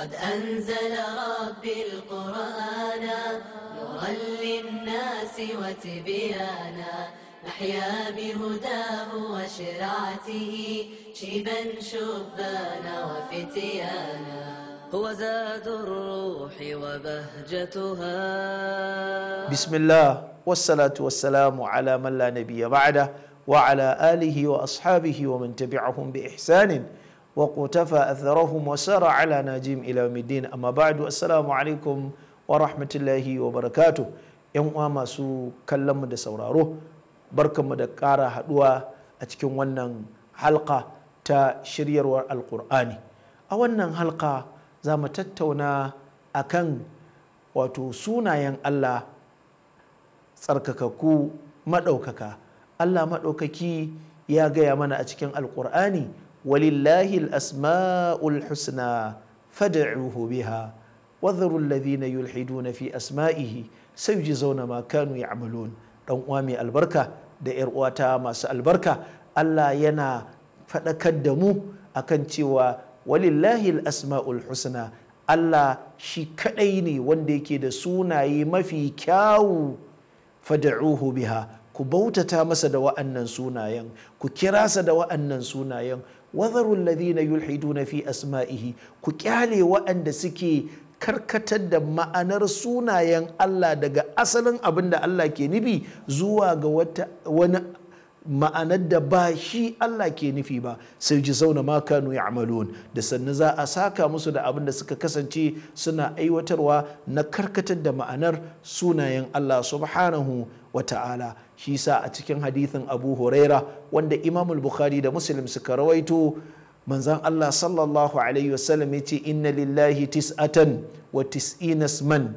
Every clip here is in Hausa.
قد أنزل ربي القرآن نورا للناس وتبيانا نحيا بهداه وشرعته شيبا شبانا وفتيانا هو زاد الروح وبهجتها بسم الله والصلاة والسلام على من لا نبي بعده وعلى آله وأصحابه ومن تبعهم بإحسان وقتفى أثرهم وسار على ناجيم إلى يوم الدين wa بعد السلام عليكم ورحمة الله وبركاته ‘yan uwa masu kallon mu da sauraro barka mu da ƙara haɗuwa a cikin wannan halka ta shiryarwar alkur'ani a wannan halka za mu tattauna a kan wato sunayen allah tsarkakaku maɗaukaka allah maɗaukaki ya gaya mana a cikin alkur'ani walillahi al-asma'ul husna fad'uhu biha na alladhina yulhiduna fi asma'ihi zauna ma kanu ya'malun dan uwa mai albarka da yar uwata masu albarka Allah yana faɗakar da mu akan cewa walillahi asmaul husna Allah shi kadai ne wanda yake da sunaye mafi kyawu fad'uhu biha ku bautata masa da wa'annan sunayen ku kirasa da wa'annan sunayen wazarul ladhina na fi asma'ihi ku kyale waɗanda suke karkatar da ma'anar sunayen Allah daga asalin abin da Allah ke nufi zuwa ga wani ma'anar da ba shi Allah ke nufi ba sai ji zauna ma kanu ya'malun da sannu za a saka musu da abin da suka kasance suna aiwatarwa na karkatar da ma'anar sunayen Allah subhanahu wa ta'ala shi sa a cikin hadithin abu huraira wanda imamul bukhari da muslim suka rawaito manzan allah sallallahu alaihi wasallam ya ce inna lillahi tis'atan wa tis'ina man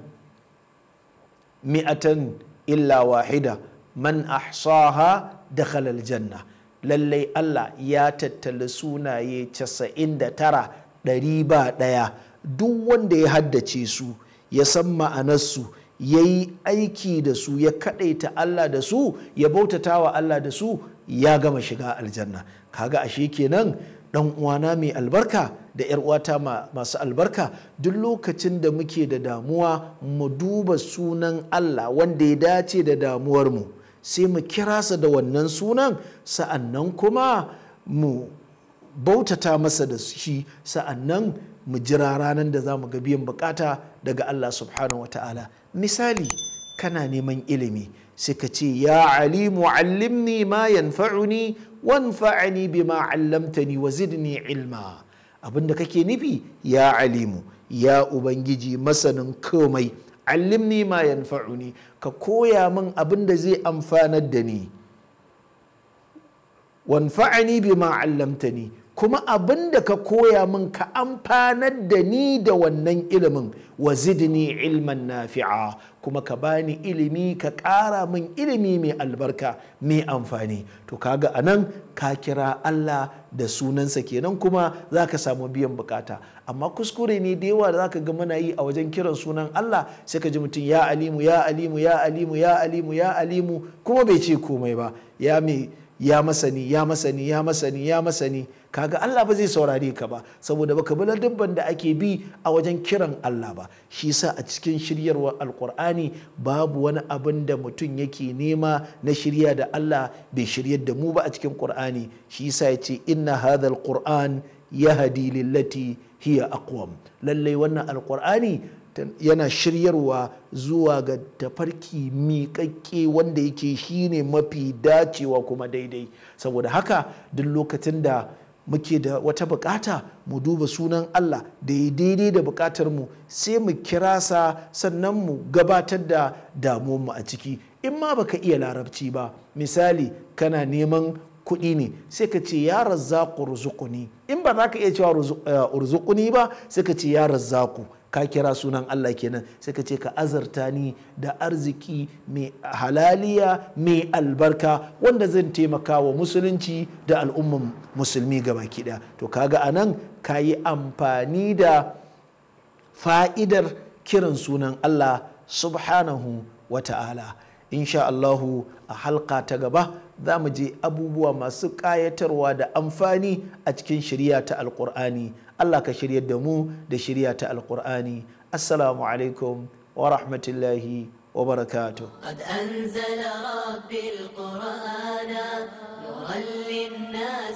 mi'atan illa wahida man da dakhala janna. lallai allah ya tattala sunaye 99 ɗari ba ɗaya duk wanda ya haddace su ya san ma'anarsu ya yi aiki da su ya kaɗaita Allah da su ya bautata wa Allah da su ya gama shiga aljanna kaga ashe kenan dan uwana mai albarka da yar uwata masu albarka duk lokacin da muke da damuwa mu duba sunan Allah wanda ya dace da damuwar mu sai mu kirasa da wannan sunan sa'annan kuma mu bautata masa da shi sa'annan mu jira ranar da za mu ga biyan bukata daga Allah subhanahu wa ta'ala misali kana neman ilimi sai ka ce ya ali mu'allimni ma yanfa'uni wanfa'ani bima 'allamtani wa zidni ilma abinda kake nufi ya alimu ya ubangiji masanin komai allimni ma yanfa'uni ka koya min abin da zai amfana da ni wanfa'ani bima 'allamtani kuma abin da ka koya min ka amfanar da ni da wannan ilimin wa zidni ilman nafi'a kuma ka bani ilimi ka ƙara min ilimi mai albarka mai amfani to kaga anan ka kira Allah da sunansa kenan kuma za ka samu biyan bukata amma kuskure ne da yawa za ka ga muna yi a wajen kiran sunan Allah sai ka ji mutum ya alimu ya alimu ya alimu ya alimu ya alimu kuma bai ce komai ba ya mai ya masani ya masani ya masani ya masani kaga Allah ba zai saurare ka ba saboda baka bi ladabban da ake bi a wajen kiran Allah ba shi sa a cikin shiryarwa alkur'ani babu wani abin da mutum yake nema na shirya da Allah bai shiryar da mu ba a cikin qur'ani shi sa ya ce inna hadhal qur'an yahdi lillati hiya aqwam lallai wannan alkur'ani yana shiryarwa zuwa ga tafarki miƙaƙƙe wanda yake shine mafi dacewa kuma daidai saboda haka duk lokacin da muke da wata bukata mu duba sunan Allah da ya daidai da bukatar mu sai mu kira sa sannan mu gabatar da mu a ciki in ma baka iya larabci ba misali kana neman kuɗi ne sai ka ce ya razzaku ne in ba za ka iya cewa eh, urzuquni ba sai ka ce ya razzaku ka kira sunan Allah kenan sai ka ce ka azarta ni da arziki mai halaliya mai albarka wanda zan taimaka wa musulunci da al'umman musulmi gaba kiɗa to kaga anan ka yi amfani da fa'idar kiran sunan Allah subhanahu wa ta'ala insha Allahu a halka ta gaba za mu je abubuwa masu kayatarwa da amfani a cikin shari'a ta alqur'ani Allah ka shiryar da mu da shari'a ta alqur'ani assalamu alaikum wa rahmatullahi wa barakatuh qad anzala قد أنزل ربي an نورا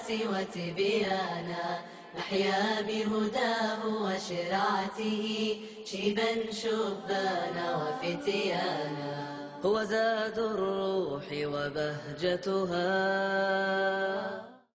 wa tibyana أحيا بهداه وشرعته شيبا شبانا وفتيانا هو زاد الروح وبهجتها